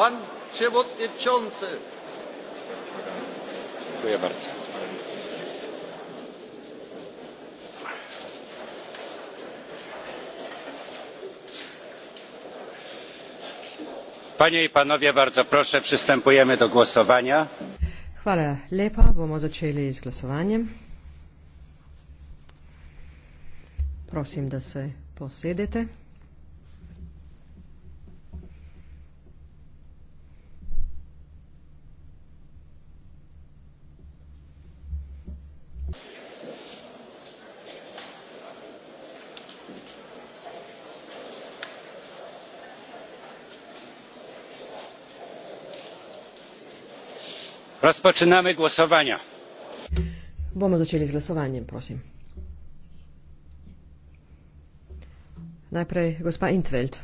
Pan przewodniczący. Dziękuję bardzo. Panie i panowie, bardzo proszę, przystępujemy do głosowania. Hvala lepa, bomo začeli z glasovanjem. Prosim, da se posedete. Razpočinamy głosowania. Bomo začeli z glasovanjem, prosim. Najprej gospa Intveld.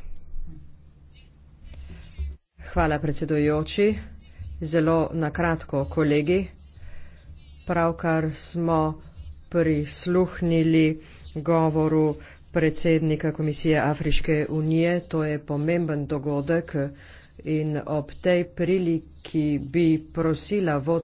Hvala, predsedujoči. Zelo nakratko, kolegi. Pravkar smo prisluhnili govoru predsednika Komisije Afriške unije. To je pomemben dogodek in ob tej priliki bi prosila vod.